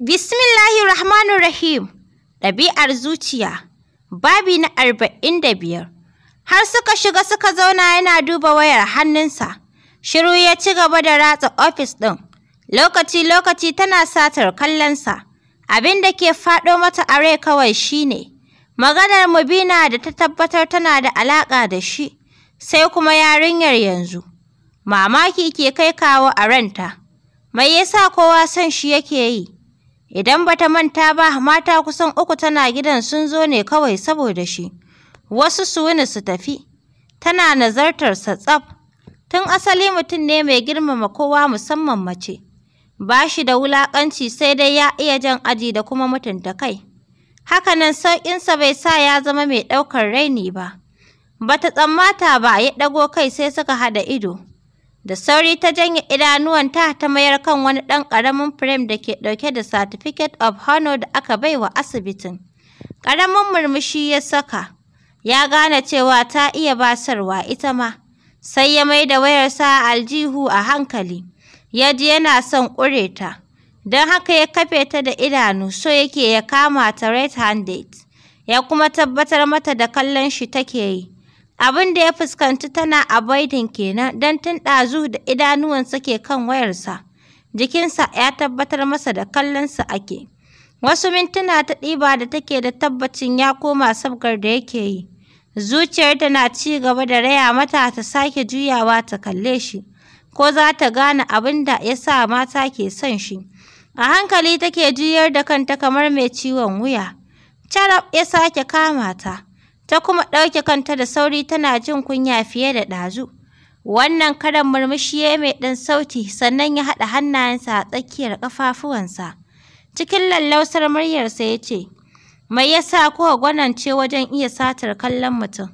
Bismillahir Rahmanir Rahim. Ɗabi'ar zuciya. Babi na arba'in da biyar. Har suka shiga suka zauna yana duba wayar hannunsa. Shiru ya ci gaba da ratsa ofis ɗin. Lokaci-lokaci tana satar kallonsa. Abin da ke faɗo mata a rai kawai ne. maganar Mubina da ta tabbatar tana da alaƙa da shi, sai kuma yarinyar yanzu. Mamaki ke kai kawo a ranta. Mai yasa kowa son shi yake yi? Idan bata manta ba, mata kusan uku tana gidan sun zo ne kawai saboda shi. Wasu su wuni su tafi. Tana nazartar sa tsaf. Tun asali mutum ne mai girmama kowa musamman mace. Ba shi da wulaƙanci sai dai ya iya jan aji da kuma mutunta kai. Hakanan sauƙinsa bai sa ya zama mai ɗaukar raini ba. Bata tsammata ba ya ɗago kai sai suka haɗa ido. Da sauri ta janye idanuwan ta ta mayar kan wani ɗan ƙaramin firem da ke ɗauke da Certificate of Honor da aka bai wa asibitin. Ƙaramin murmushi ya saka, ya gane cewa ta iya basarwa ita ma, sai ya mai da wayar sa aljihu a hankali, ya ji yana son ƙure ta, don haka ya kafe ta da idanu so yake ya kama ta right-handed, ya kuma tabbatar mata da kallon shi take yi. Abin da ya fuskanci tana a baidin kenan don tun ɗazu da idanuwansa ke kan wayarsa. Jikinsa ya tabbatar masa da kallonsa ake. Wasu mintuna ta ɗiba da take da tabbacin ya koma sabgar da yake yi. zuciyar ta na ci gaba da raya mata ta sake juyawa ta kalle shi. ko za ta gane abin da ya sa mata ke son shi. A hankali take juyar da kanta kamar mai ciwon wuya. Carab ya sake kama ta, ta kuma ɗauke kanta da sauri tana jin kunya fiye da ɗazu. Wannan karan murmushi ya mai ɗan sauti sannan ya haɗa hannayensa a tsakiyar ƙafafuwansa. Cikin lallausar muryarsa ya ce, Mai sa kuka gwanance wajen iya satar kallon mutum,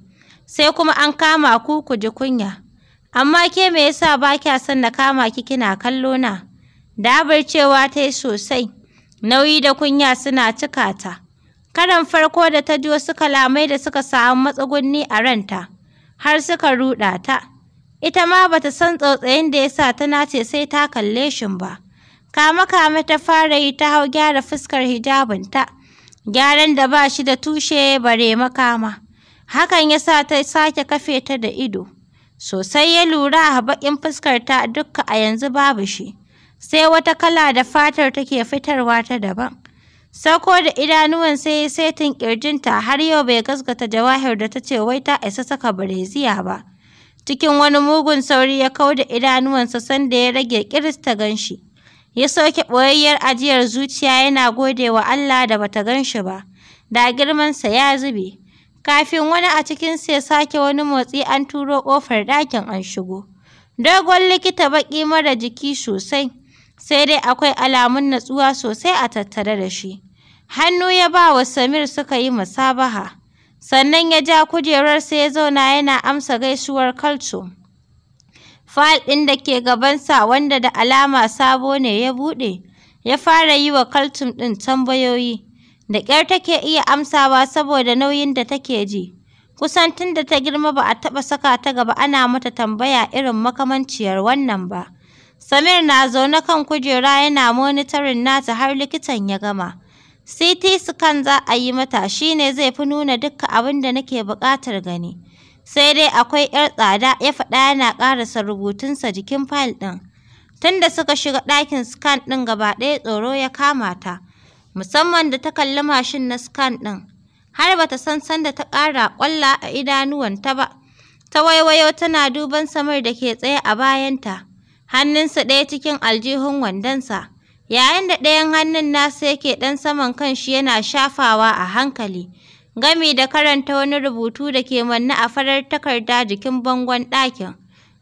sai kuma an kama ku ku ji kunya. Amma ke me sa ba kya son na kama ki kina kallo na? Dabar cewa ta yi sosai, nauyi da kunya suna cika ta. Karan farko da ta ji wasu kalamai da suka samu matsugunni a ranta, har suka ruɗa ta. Ita ma ba ta san tsautsayin da ya sa ta nace sai ta kalle shin ba. Kame-kame ta fara yi ta hau gyara fuskar hijabinta, gyaran da ba shi da tushe bare makama. Hakan ya sa ta sake kafe ta da ido. Sosai ya lura a baƙin ta dukka a yanzu babu shi, sai wata kala da fatar take fitarwa ta daban. Sauko da idanuwan sai setin ƙirjinta har yau bai gaskata jawahir da ta ce wai ta isa saka bareziya ba. Cikin wani mugun sauri ya kau da idanuwansa sanda ya rage ƙirista ganshi. Ya sauke ɓoyayyar ajiyar zuciya yana gode wa Allah da bata ganshi ba. Da girmansa ya zube. Kafin wani a cikin ya sake wani motsi an turo ƙofar ɗakin an shigo. Dogon likita baƙi mara jiki sosai. sai dai akwai alamun natsuwa sosai a tattare da shi. hannu ya ba wa Samir suka yi musabaha, sannan ya ja kujerarsa ya zauna yana amsa gaisuwar kalco. Fal ɗin da ke gabansa wanda da alama sabo ne ya buɗe, ya fara yi wa kaltum ɗin tambayoyi, da ƙyar take iya amsawa saboda nauyin da take ji. Kusan tun da ta girma ba a taɓa saka ta gaba ana mata tambaya irin makamanciyar wannan ba. Samir na zaune kan kujera yana monitarin nata har likitan ya gama. CT scan za a yi mata shi ne zai fi nuna dukkan abin da nake buƙatar gani. Sai dai akwai 'yar tsada ya faɗa yana ƙarasa rubutunsa jikin fayil ɗin. Tunda suka shiga ɗakin scan ɗin gaba ɗaya tsoro ya kama ta, musamman da ta kalli mashin na scan ɗin. Har ba ta san sanda ta ƙara ƙwalla a idanuwanta ba. Ta waiwayo tana duban samar da ke tsaye a bayanta, hannunsa ɗaya cikin aljihun wandonsa. yayin da ɗayan hannun nasa yake ɗan saman kanshi yana shafawa a hankali, gami da karanta wani rubutu da ke manne a farar takarda jikin bangon ɗakin.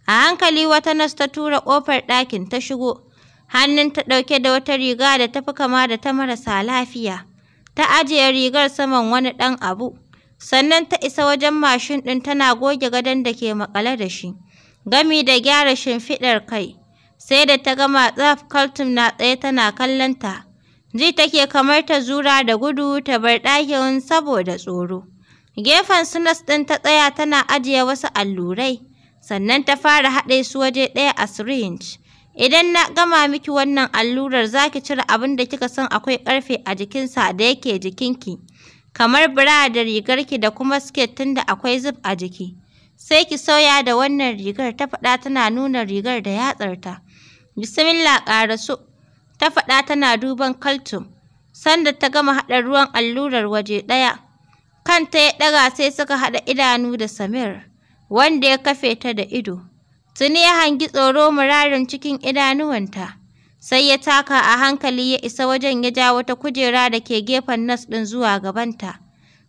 A hankali wata nas ta tura ƙofar ɗakin ta shigo, hannun ta ɗauke da wata riga da ta fi kama da ta marasa lafiya. Ta ajiye rigar saman wani ɗan abu, sannan ta isa wajen mashin ɗin tana goge gadon da ke maƙale da shi, gami da gyara shimfiɗar kai. sai da ta gama tsaf kaltum na tsaye tana kallon ta ji take kamar ta zura da gudu ta bar ɗakin saboda tsoro gefen sunas ɗin ta tsaya tana ajiye wasu allurai sannan ta fara haɗe su waje ɗaya a syringe idan na gama miki wannan allurar za ki cire abin da kika san akwai ƙarfe a jikinsa da yake jikinki kamar bra da rigarki da kuma siket tunda akwai zub a jiki sai ki sauya da wannan rigar ta faɗa tana nuna rigar da yatsarta. Bismillah ƙaraso, ta faɗa tana duban kaltum. Sanda ta gama haɗa ruwan allurar waje ɗaya, kanta ya ɗaga sai suka haɗa idanu da Samir, wanda ya kafe ta da ido. Tuni ya hangi tsoro murarin cikin idanuwanta, sai ya taka a hankali ya isa wajen ya ja wata kujera da ke gefen nas ɗin zuwa gabanta.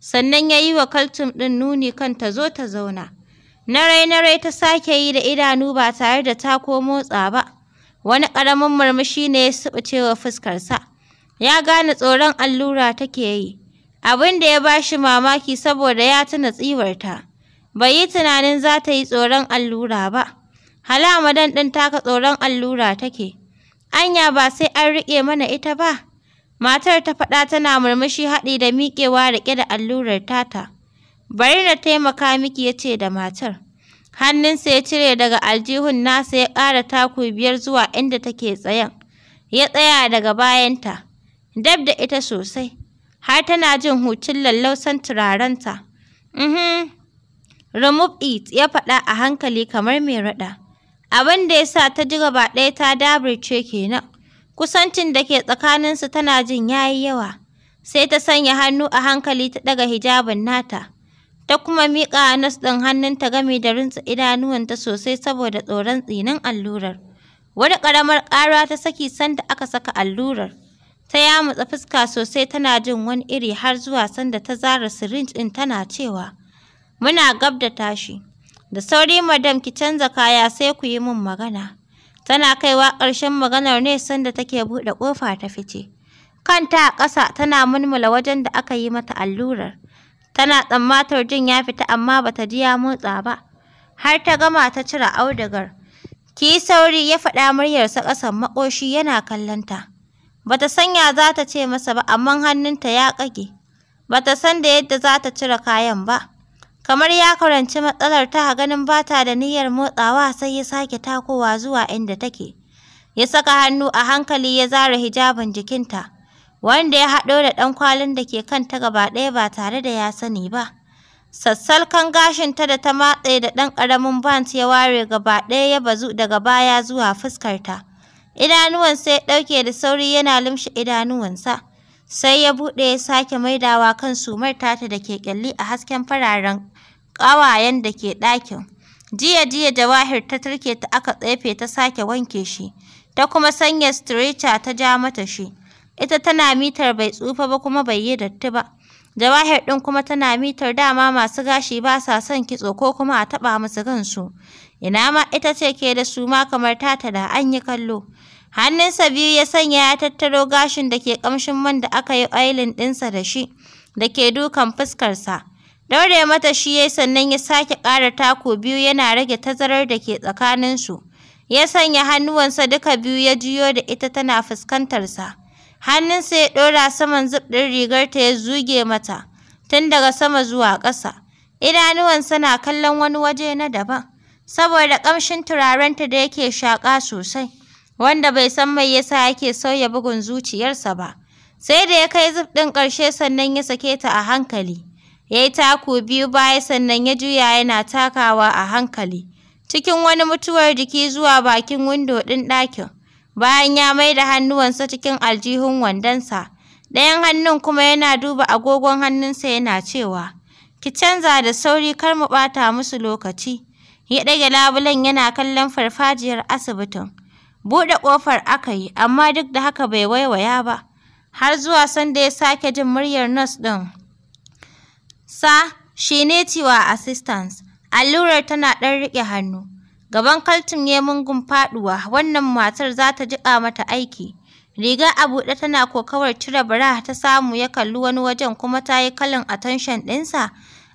Sannan ya yi wa kaltum ɗin nuni kan ta zo ta zauna. Na rai-na rai ta sake yi da idanu ba tare da ta ko motsa ba. Wani ƙaramin murmushi ne ya cewa fuskarsa. Ya gane tsoron allura take yi. Abin da ya bashi mamaki saboda ya tuna tsiwarta. Bai yi tunanin za ta yi tsoron allura ba. Halamadan din taka tsoron allura take. Anya ba sai an rike mana ita ba. Matar ta faɗa tana murmushi haɗi da miƙewa riƙe da allurar tata. Bari na taimaka miki ya ce da matar. Hannunsa ya cire daga aljihun nasa ya ƙara taku biyar zuwa inda take tsayan. Ya tsaya daga bayanta, dab da ita sosai, har tana jin hucin lallausan turarenta. Mhm, remove it ya faɗa a hankali kamar mai raɗa. Abin da ya sa ta ji gaba ɗaya ta dabirce kenan. Kusancin da ke tsakaninsu tana jin ya yawa. Sai ta sanya hannu a hankali ta ɗaga hijabin nata. ta kuma miƙa nas ɗin hannunta game da rintsa idanuwanta sosai saboda tsoron tsinin allurar. Wani ƙaramar ƙara ta saki sanda aka saka allurar. Ta yamutsa fuska sosai tana jin wani iri har zuwa sanda ta zara sirinj ɗin tana cewa, Muna gab da tashi. Da sauri madam ki canza kaya sai ku yi min magana. Tana kaiwa ƙarshen maganar ne sanda take buɗe ƙofa ta fice. Kanta a ƙasa tana mulmula wajen da aka yi mata allurar. Tana tsammatar jin ya fita amma bata ji ya motsa ba. Har ta gama ta cire audugar. Ki yi sauri ya faɗa muryarsa ƙasan maƙoshi yana kallonta. Bata sanya za ta ce masa ba amma hannunta ya ƙage. Bata san da yadda za ta cire kayan ba. Kamar ya karanci matsalar ta ganin bata da niyyar motsawa sai ya sake takowa zuwa inda take. Ya saka hannu a hankali ya zara hijabin jikinta. wanda ya haɗo da ɗan kwalin da ke kanta gaba ɗaya ba tare da ya sani ba. Sassalkan gashinta da ta matse da ɗan ƙaramin bant ya ware gaba ɗaya ya bazu daga baya zuwa fuskarta. Idanuwan ya ɗauke da sauri yana lumshe idanuwansa. Sai ya buɗe ya sake maidawa kan sumar tata da ke ƙyalli a hasken fararen ƙawayen da ke ɗakin. Jiya jiya jawahir ta turke ta aka tsefe ta sake wanke shi, ta kuma sanya stretcher ta ja mata shi. ita tana mitar bai tsufa ba kuma bai yi datti ba jawahir ɗin kuma tana mitar dama masu gashi ba sa son kitso ko kuma a taɓa musu kansu ina ma ita ce ke da su ma kamar tata da an yi kallo hannunsa biyu ya sanya ya tattaro gashin da ke ƙamshin man da aka yi ailin ɗinsa da shi da ke dukan fuskarsa daure mata shi ya sannan ya sake ƙara taku biyu yana rage tazarar da ke tsakaninsu ya sanya hannuwansa duka biyu ya juyo da ita tana fuskantarsa hannunsa ya ɗora saman zub ɗin rigarta ya zuge mata tun daga sama zuwa ƙasa idanuwansa na kallon wani waje na daban saboda ƙamshin turarenta da yake shaƙa sosai wanda bai san mai yasa yake sauya bugun zuciyarsa ba sai da ya kai zub ɗin ƙarshe sannan ya sake ta a hankali ya yi taku biyu baya sannan ya juya yana takawa a hankali cikin wani mutuwar jiki zuwa bakin windo ɗin ɗakin bayan ya mai da hannuwansa cikin aljihun wandonsa. Ɗayan hannun kuma yana duba agogon hannunsa yana cewa, ki canza da sauri kar mu ɓata musu lokaci. Ya ɗage labulen yana kallon farfajiyar asibitin. Buɗe ƙofar aka yi, amma duk da haka bai waiwaya ba. Har zuwa sanda ya sake jin muryar nas ɗin. Sa, shi ne cewa assistance. Allurar tana ɗan riƙe hannu. Gaban kaltin neman mungun faɗuwa, wannan matar za ta jiƙa mata aiki. Riga a buɗe tana kokawar cire bra ta samu ya kalli wani wajen kuma ta yi kalin attention ɗinsa.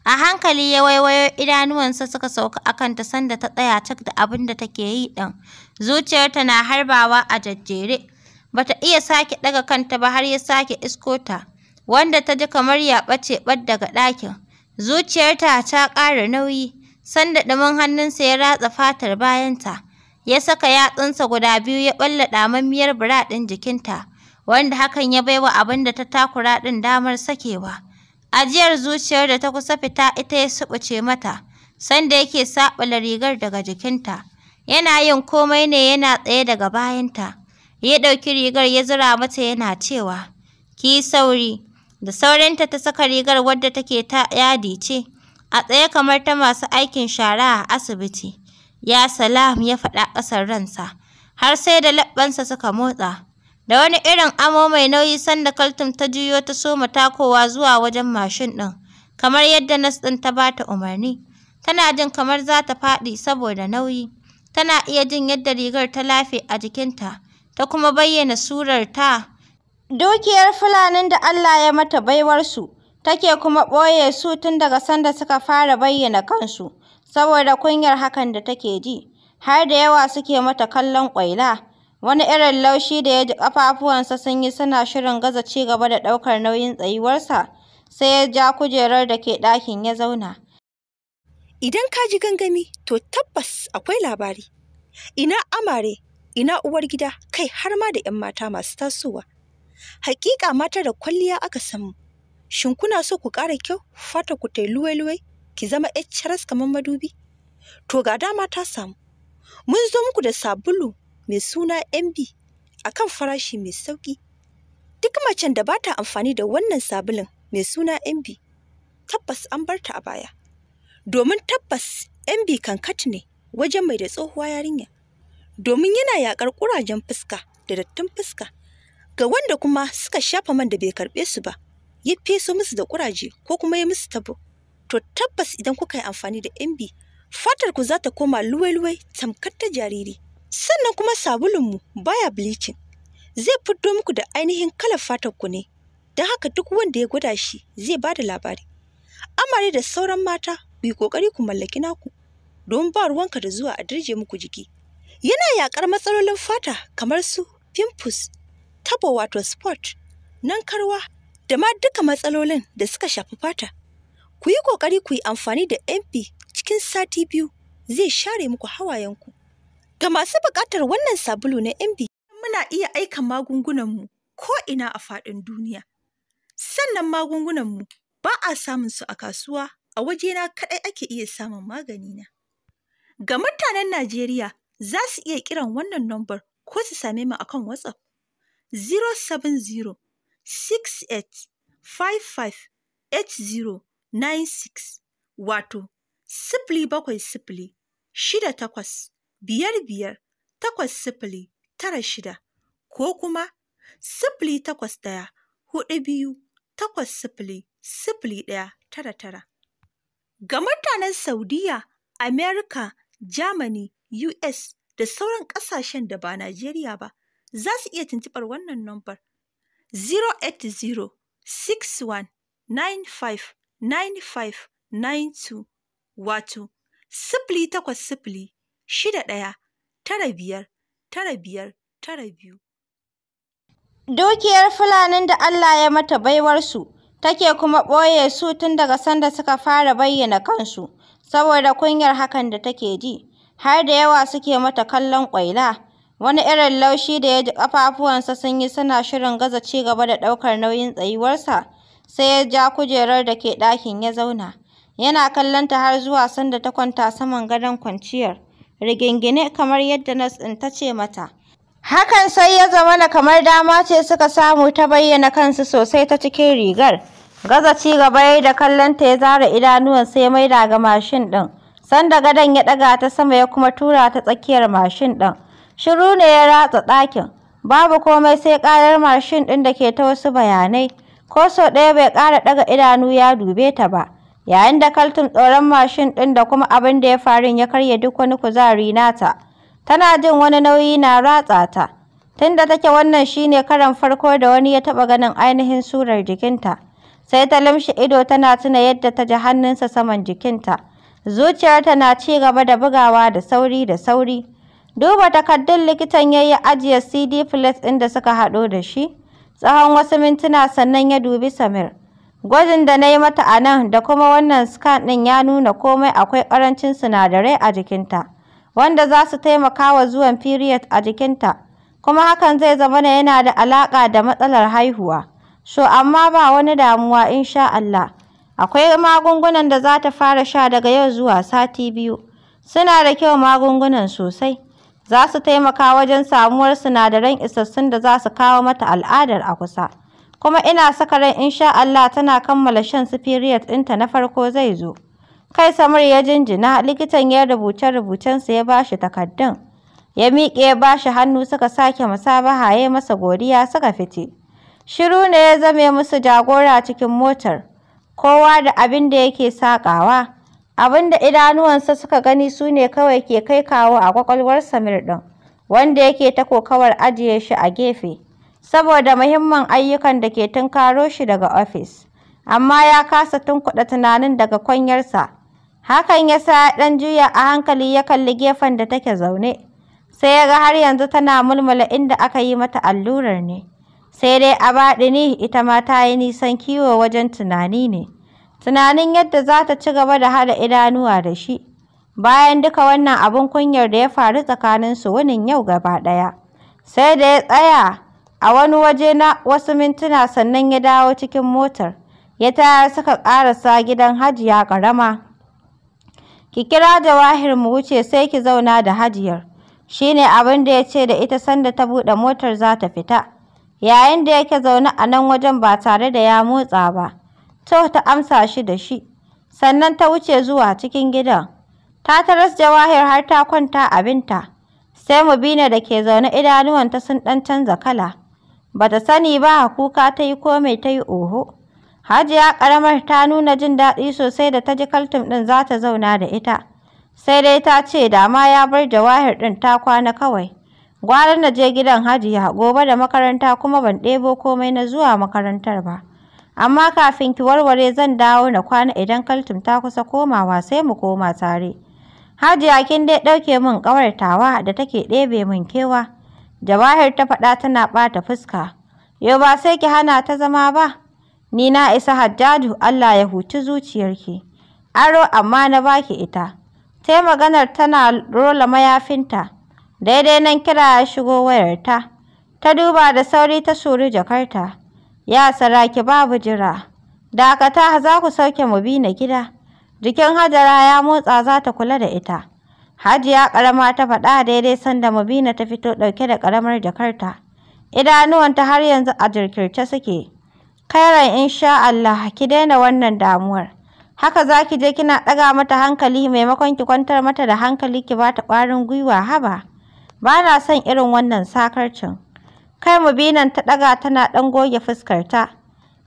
A hankali ya waiwayo idanuwansa suka sauka a kanta sanda ta tsaya cak da abin da take yi ɗan. Zuciyarta na harbawa a jajjere. Bata iya sake ɗaga kanta ba har ya sake iskota, wanda ta ji kamar ya ɓace ɓad daga ɗakin. Zuciyarta ta ƙara nauyi. sanda ɗumin hannunsa ya ratsa fatar bayanta. Ya saka yatsunsa guda biyu ya ɓalla ɗamammiyar bura ɗin jikinta, wanda hakan ya baiwa abin da ta takura ɗin damar sakewa. Ajiyar zuciyar da ta kusa fita ita ya suɓuce mata, sanda yake saɓala rigar daga jikinta. Yana yin komai ne yana tsaye daga bayanta. Ya ɗauki rigar ya zura mata yana cewa, ki sauri. Da saurinta ta saka rigar wadda take ta yadi ce, a tsaye kamar ta masu aikin shara a asibiti. Ya salam ya faɗa ƙasar ransa, har sai da laɓɓansa suka motsa. Da wani irin amo mai nauyi sanda Kaltum ta juyo ta soma takowa zuwa wajen mashin ɗin, kamar yadda nas ɗin ta ba ta umarni. Tana jin kamar za ta faɗi saboda nauyi. Tana iya jin yadda rigar ta lafe a jikinta, ta kuma bayyana surar ta. Dukiyar Fulanin da Allah ya mata baiwarsu. take kuma ɓoye su tun daga sanda suka fara bayyana kansu saboda kunyar hakan da take ji har da yawa suke mata kallon ƙwaila wani irin laushi da ya ji ƙafafuwansa sun yi suna shirin gaza ci gaba da ɗaukar nauyin tsayuwarsa sai ya ja kujerar da ke ɗakin ya zauna idan ka ji gangami to tabbas akwai labari ina amare ina uwar gida kai har ma da 'yan mata masu tasowa hakika mata da kwalliya aka samu Shin kuna so ku ƙara kyau, fata ku ta luwai-luwai, ki zama HRS kamar madubi? To ga dama ta samu. Mun zo muku da sabulu mai suna MB a kan farashi mai sauƙi. Duk macen da ba ta amfani da wannan sabulun mai suna MB, tabbas an bar ta a baya. Domin tabbas MB kan kati ne wajen mai da tsohuwa yarinya. Domin yana yaƙar ƙurajen fuska da dattin fuska ga wanda kuma suka shafa man da bai karɓe su ba. ya feso musu da kuraje ko kuma ya musu tabo to tabbas idan kuka yi amfani da mb fatar ku za ta koma luwai-luwai tamkar ta jariri sannan kuma sabulunmu baya bleaching zai fito muku da ainihin kalar fatar ku ne don haka duk wanda ya gwada shi zai ba da labari amare da sauran mata ku yi kokari ku mallaki naku don ba ruwanka da zuwa a dirje muku jiki yana yakar matsalolin fata kamar su pimples tabo wato spot nan karwa da ma duka matsalolin da suka shafi fata. Ku yi ƙoƙari ku yi amfani da MP cikin sati biyu zai share muku hawayenku. Ga masu buƙatar wannan sabulu na MP, muna iya aika magungunanmu ko ina a faɗin duniya. Sannan magungunanmu ba a samun su a kasuwa, a wajena kaɗai ake iya samun magani na Ga mutanen Najeriya za su iya kiran wannan nombar ko su same mu akan WhatsApp 070 68558096 wato bakwai sifili shida takwas biyar biyar takwas sifili tara shida ko kuma sifili takwas ɗaya huɗu biyu takwas sifili sifili ɗaya tara tara. Ga mutanen Saudiya, Amerika, Germany, US da sauran ƙasashen da ba Najeriya ba, za su iya tuntuɓar wannan nombar 08061959592, wato, sifili takwas sifili shida ɗaya tara biyar tara Dukiyar Fulanin da Allah ya mata baiwarsu take kuma ɓoye su tun daga sanda suka fara bayyana kansu, saboda kunyar hakan da take ji, har da yawa suke mata kallon ƙwaila. wani irin laushi da ya ji ƙafafuwansa sun yi suna shirin gaza ci gaba da ɗaukar nauyin tsayuwarsa, sai ya ja kujerar da ke ɗakin ya zauna. Yana kallon ta har zuwa sanda ta kwanta saman gadon kwanciyar, rigingine kamar yadda nas ɗin ta ce mata. Hakan sai ya zamana kamar dama ce suka samu ta bayyana kansu sosai ta cikin rigar. Gaza ci gaba ya yi da kallon ta ya zara idanuwan sai maida ga mashin ɗin. Sanda gadon ya ɗaga ta sama ya kuma tura ta tsakiyar mashin ɗin. Shiru ne ya ratsa ɗakin, babu komai sai ƙarar mashin ɗin da ke ta wasu bayanai. Ko sau ɗaya bai ƙara ɗaga idanu ya dube ta ba, yayin da kaltun tsoron mashin ɗin da kuma abin da ya faru ya karya duk wani kuzari nata. Tana jin wani nauyi na ratsa ta, tunda take wannan shine karon farko da wani ya taɓa ganin ainihin surar jikinta. Sai ta lamshe ido tana tuna yadda ta ji hannunsa saman jikinta. Zuciyarta na ci gaba da bugawa da sauri da sauri. Duba takardun likitan ya yi ajiye CD plates ɗin da suka haɗo da shi tsawon wasu mintuna sannan ya dubi Samir. Gwajin da na yi mata a nan da kuma wannan scan ɗin ya nuna komai akwai ƙarancin sinadarai a jikinta, wanda za su taimaka wa zuwan period a jikinta, kuma hakan zai zama na yana da alaƙa da matsalar haihuwa. So amma ba wani damuwa insha Allah. Akwai magungunan da za ta fara sha daga yau zuwa sati biyu. Suna da kyau magungunan sosai. za su taimaka wajen samuwar sinadaran isassun da za su kawo mata al'adar a kusa. Kuma ina saka ran insha Allah tana kammala shan su period ɗinta na farko zai zo. Kai samar ya jinjina, likitan ya rubuce-rubucensa ya bashi takaddun, Ya miƙe ya bashi hannu suka sake musabaha ya masa godiya suka fice. Shiru ne ya zame musu jagora cikin motar, kowa da abin da yake saƙawa. da idanuwansa suka gani su ne kawai ke kai kawo a kwakwalwar Samir ɗin, wanda yake ta kokawar ajiye shi a gefe, saboda muhimman ayyukan da ke tunkaro shi daga ofis. Amma ya kasa tunkuɗa tunanin daga kwanyarsa. Hakan ya sa ɗan juya a hankali ya kalli gefen da take zaune. Sai ya ga har yanzu tana mulmula inda aka yi mata allurar ne. Sai dai a baɗini ita ma ta yi nisan kiwo wajen tunani ne. tunanin yadda za ta ci gaba da haɗa idanuwa da shi. Bayan duka wannan abin kunyar da ya faru tsakaninsu wunin yau gaba ɗaya, sai da ya tsaya a wani waje na wasu mintuna sannan ya dawo cikin motar. Ya tayar suka ƙarasa gidan Hajiya ƙarama. Ki kira Jawahir mu wuce sai ki zauna da Hajiyar. Shi ne abin da ya ce da ita sanda ta buɗe motar za ta fita. Yayin da yake zaune a nan wajen ba tare da ya motsa ba. so ta amsa shi da shi sannan ta wuce zuwa cikin gidan ta taras jawahir har ta kwanta abinta sai mubina da ke zaune idanuwanta sun ɗan canza kala Ba ta sani ba kuka ta yi komai ta yi oho hajiya ƙaramar ta nuna jin daɗi sosai da ta ji kaltum ɗin za ta zauna da ita sai dai ta ce dama ya bar jawahir ɗin ta kwana kawai gwara na je gidan hajiya gobe da makaranta kuma ban ɗebo komai na zuwa makarantar ba amma kafin ki warware zan dawo na kwana idan kaltum ta kusa komawa sai mu koma tare hajiya kin dai ɗauke min ƙawartawa da take ɗebe min kewa jawahir ta faɗa tana ɓata fuska yau ba sai ki hana ta zama ba ni na isa hajjaju allah ya huci zuciyarki aro amma na baki ita tai maganar tana rola mayafinta daidai nan kira ya shigo wayarta ta duba da sauri ta suri jakarta Ya saraki babu jira. Dakata za ku sauke mu bi na gida. Jikin Hajara ya motsa za ta kula da ita. Hajiya karama ta faɗa daidai sanda Mubina ta fito ɗauke da ƙaramar jakarta. Idanuwanta har yanzu a jirkirce suke. Kairan insha Allah ki daina wannan damuwar. Haka zaki je kina ɗaga mata hankali maimakon ki kwantar mata da hankali ki ba ta ƙwarin gwiwa haba. Ba na son irin wannan sakarcin. Kai mu Mubinan ta ɗaga tana ɗan goge fuskarta.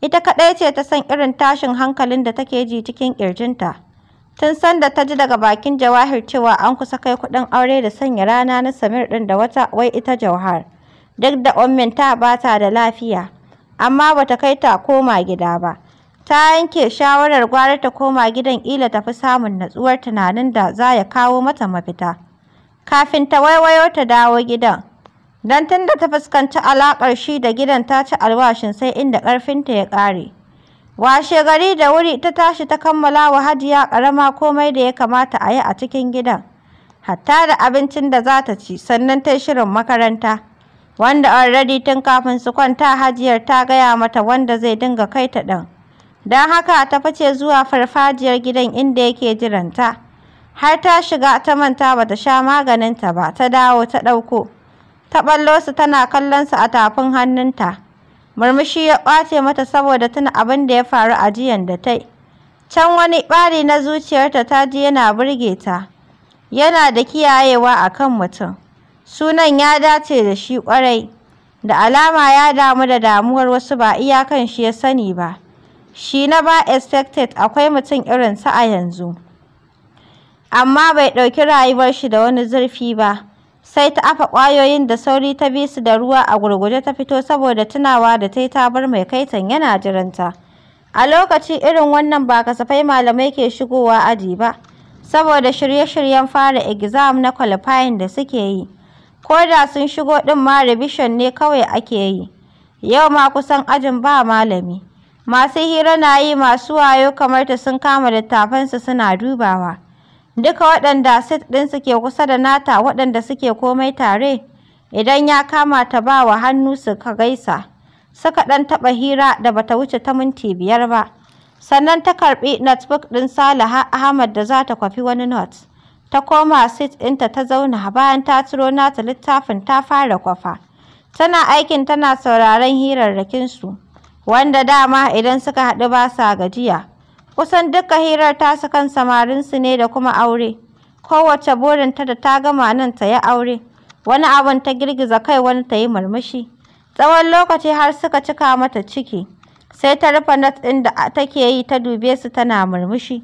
Ita kadai ce ta san irin tashin hankalin da take ji cikin ƙirjinta. Tun sanda ta ji daga bakin Jawahir cewa an kusa kai kuɗin aure da sanya rana na Samir ɗin da wata wai ita Jawahar. Duk da ummin ta ba ta da lafiya, amma bata kai ta koma gida ba. Ta yanke shawarar gwara ta koma gidan ila tafi samun natsuwar tunanin da za ya kawo mata mafita. Kafin ta waiwayo ta dawo gidan, don tunda ta fuskanci alaƙar shi da gidan ta ci alwashin sai inda ƙarfinta ya ƙare. Washe gari da wuri ta tashi ta kammala wa Hadiya ƙarama komai da ya kamata a yi a cikin gidan, hatta da abincin da za ta ci sannan ta yi shirin makaranta, wanda already tun kafin su kwanta Hajiyar ta gaya mata wanda zai dinga kai ta ɗan. Don haka ta fice zuwa farfajiyar gidan inda yake jiranta, har ta shiga ta manta bata sha maganinta ba ta dawo ta ɗauko. ta ballo su tana kallon su a tafin hannunta murmushi ya ɓace mata saboda tuna abin da ya faru a jiyan da ta yi can wani ɓari na zuciyarta ta ji yana burge ta yana da kiyayewa a kan mutum sunan ya dace da shi ƙwarai da alama ya damu da damuwar wasu ba iyakan shi ya sani ba shi na ba expected akwai mutum irinsa a yanzu amma bai ɗauki rayuwar shi da wani zurfi ba sai ta afa ƙwayoyin da sauri ta bi su da ruwa a gurguje ta fito saboda tunawa da ta yi ta bar mai kaitan yana jiranta. A lokaci irin wannan ba kasafai malamai ke shigowa aji ba, saboda shirye-shiryen fara exam na qualifying da suke yi. Ko da sun shigo ɗin ma revision ne kawai ake yi. Yau ma kusan ajin ba malami. Masu hira na yi masu wayo kamar ta sun kama littafansu suna dubawa. duka waɗanda sit ɗin suke kusa da nata waɗanda suke komai tare idan ya kama ta ba wa hannu su ka gaisa suka ɗan taɓa hira da bata wuce ta minti biyar ba sannan ta karɓi notebook ɗin Salaha Ahmad da za ta kwafi wani note ta koma sit ɗinta ta zauna bayan ta ciro nata littafin ta fara kwafa tana aikin tana sauraron hirarrakinsu wanda dama idan suka haɗu ba sa gajiya Kusan duka hirar tasu kan samarinsu ne da kuma aure. Kowace burinta da ta gama nan ta yi aure. Wani abin ta girgiza kai wani ta yi murmushi. Tsawon lokaci har suka cika mata ciki. Sai ta rufe nat ɗin da take yi ta dube su tana murmushi.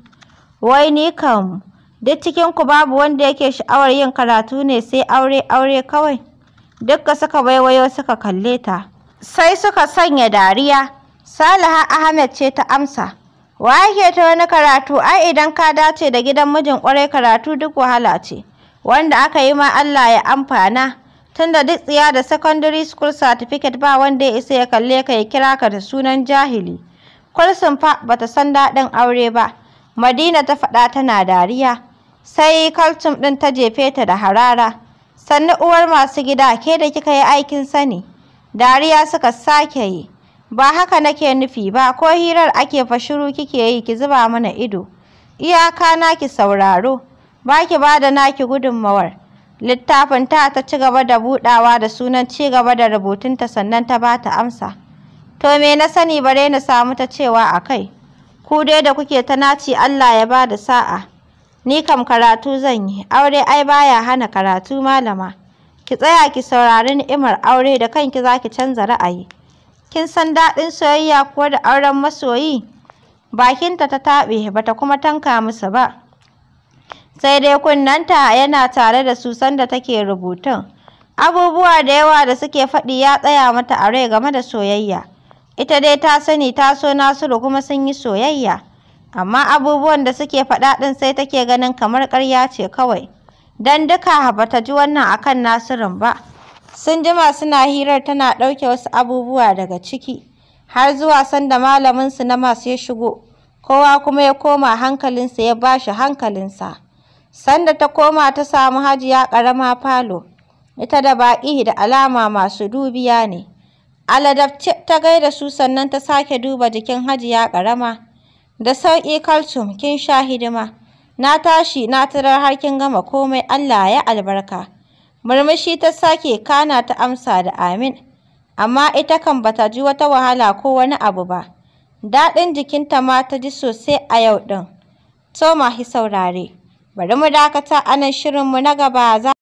Wai ni kam, duk ku babu wanda yake sha'awar yin karatu ne sai aure aure kawai. Dukka suka waiwayo suka kalle ta. Sai suka sanya dariya. Salaha Ahmed ce ta amsa. Wa yake ta wani karatu ai idan ka dace da gidan mijin kwarai karatu duk wahala ce. Wanda aka yi ma Allah ya amfana. Tunda duk tsiya da secondary school certificate ba wanda ya isa ya kalle ka ya kira ka da sunan jahili. Kursin fa bata san daɗin aure ba. Madina ta faɗa tana dariya. Sai Kaltum ɗin ta jefe ta da harara. Sannu uwar masu gida ke da kika yi aikin sani. Dariya suka sake yi. ba haka nake nufi ba ko hirar ake fa shiru kike yi ki zuba mana ido iyaka na ki sauraro ba ki ba da naki gudunmawar littafin ta ta ci gaba da budawa da sunan ci gaba da rubutunta sannan ta ba ta amsa to me na sani bare na samu ta cewa akai? ku dai da kuke ta naci Allah ya ba da sa'a ni kam karatu zan yi aure ai baya hana karatu malama ki tsaya ki saurari ni'imar aure da kanki zaki canza ra'ayi kin san daɗin soyayya kuwa da auren masoyi bakinta ta taɓe bata kuma tanka musu ba sai dai kunnanta yana tare da su sanda take rubutun abubuwa da yawa da suke faɗi ya tsaya mata a rai game da soyayya ita dai ta sani ta so Nasiru kuma sun yi soyayya amma abubuwan da suke faɗa sai take ganin kamar ƙarya ce kawai don duka ba ta ji wannan akan Nasirin ba Sun jima suna hirar tana ɗauke wasu abubuwa daga ciki, har zuwa sanda malaminsu na masu ya shigo, kowa kuma ya koma hankalinsa ya ba shi hankalinsa. Sanda ta koma ta samu hajiya ƙarama falo, ita da baƙi da alama masu dubiya ne. Aladabce ta gaida su sannan ta sake duba jikin hajiya ƙarama. Da sauƙi kalcum kin sha hidima. Na tashi na tarar har kin gama komai Allah ya albarka. Murmushi ta sake kana ta amsa da amin. Amma ita kan bata ji wata wahala ko wani abu ba. Daɗin jikinta ma ta ji sosai a yau ɗin. Toma hi saurare. Bari mu dakata anan shirinmu na gaba za